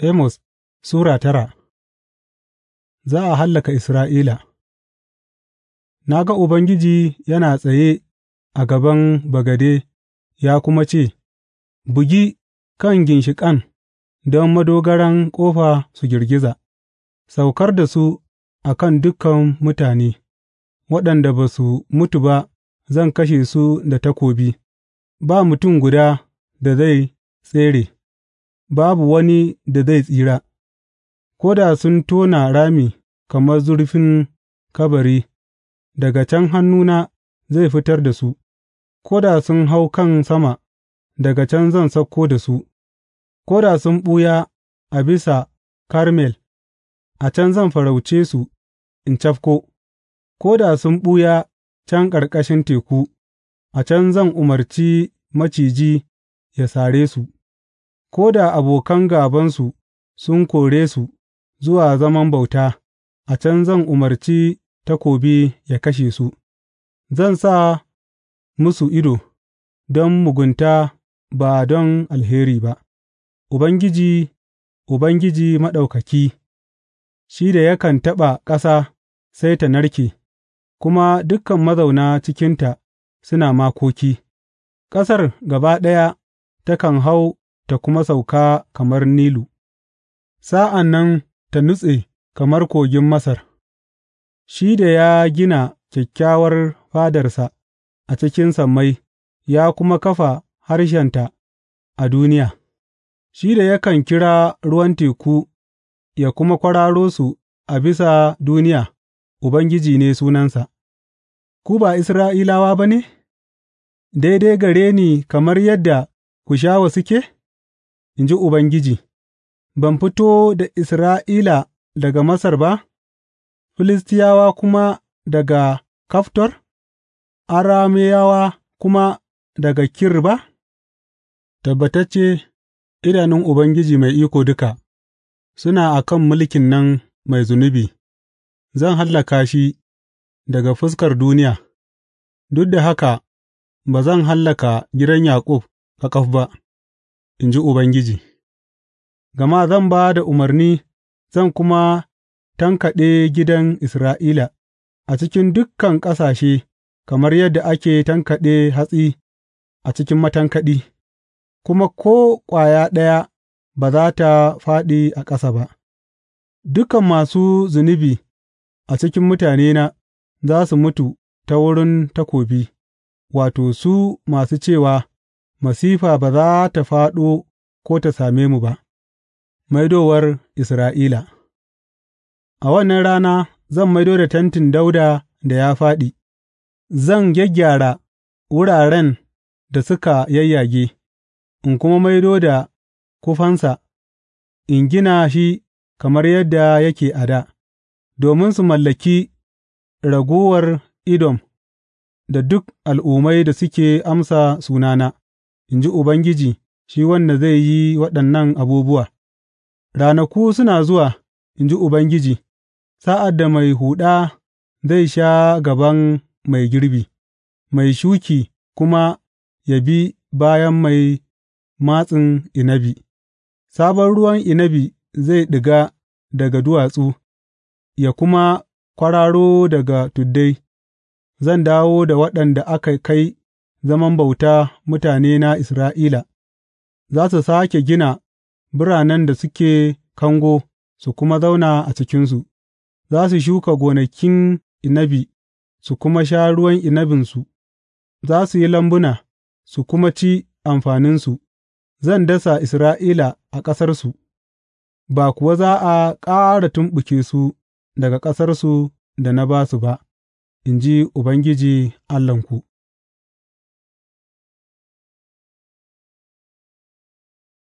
Amos Sura tara Za a hallaka Isra'ila Na ga Ubangiji yana tsaye a gaban bagade ya kuma ce, Bugi kan ginshiƙan don madogaran ƙofa su girgiza, saukar da su a kan dukan mutane, waɗanda ba su mutu ba zan kashe su da takobi, ba mutum guda da zai tsere. babu wani da zai tsira, ko da sun tona rami kamar zurfin kabari, daga can hannuna zai fitar da su, ko da sun hau kan sama, daga can zan sauko da su, ko da sun ɓuya a bisa Karmel, a can zan farauce su in cafko, ko da sun ɓuya can ƙarƙashin teku, a can zan umarci maciji ya sare su. ko da abokan gābansu sun kore su zuwa zaman bauta, a can zan umarci takobi ya kashe su; zan sa musu ido don mugunta ba don alheri ba, Ubangiji, Ubangiji Maɗaukaki, shi da yakan taɓa ƙasa sai ta narke, kuma dukan mazauna cikinta suna makoki, ƙasar gaba ɗaya takan hau ta kuma sauka kamar Nilu, sa'an nan ta nutse kamar kogin Masar, shi da ya gina kyakkyawar fadarsa a cikin sammai, ya kuma kafa harshenta a duniya, shi da yakan kira ruwan teku ya kuma kwararo su a bisa duniya, Ubangiji ne sunansa. Ku ba Isra'ilawa ba ne? Daidai gare ni kamar yadda Kushawa suke? in ji Ubangiji, ban fito da Isra'ila daga Masar ba, Filistiyawa kuma daga Kaftor, Arameyawa kuma daga Kir ba? Tabbatacce idanun Ubangiji Mai Iko Duka suna a kan mulkin nan mai zunubi, zan hallaka shi daga fuskar duniya, duk da haka ba zan hallaka gidan Yaƙub ƙaƙaf ba. in ji Ubangiji, gama zan ba da umarni zan kuma tankaɗe gidan Isra'ila a cikin dukan ƙasashe kamar yadda ake tankaɗe hatsi a cikin matankaɗi, kuma ko ƙwaya ɗaya ba za ta fāɗi a ƙasa ba. Dukan masu zunubi a cikin mutanena za su mutu ta wurin takobi, wato, su masu cewa. masifa ba za ta fāɗo ko ta same mu ba, maidowar Isra'ila. A wannan rana zan maido da tentin Dauda da ya fāɗi, zan gyaggyara wuraren da suka yayyage, in kuma maido da kufansa, in gina shi kamar yadda yake a da, domin su mallaki raguwar idon da duk al'ummai da suke amsa sunana. in ji Ubangiji, shi wanda zai yi waɗannan abubuwa, ranaku suna zuwa, in ji Ubangiji, sa'ad da mai huɗa zai sha gaban mai girbi, mai shuki kuma ya bi bayan mai matsin inabi, sabon ruwan inabi zai ɗiga daga duwatsu, ya kuma kwararo daga tuddai, zan dawo da waɗanda aka kai zaman bauta mutanena Isra'ila, za su sāke gina biranen da suke kango su kuma zauna a cikinsu, za su shuka gonakin inabi su kuma sha ruwan inabinsu, za su yi lambuna su kuma ci amfaninsu, zan dasa Isra'ila a ƙasarsu, ba kuwa za a ƙara tumɓuke su daga ƙasarsu da na ba su ba, in ji Ubangiji Allahnku.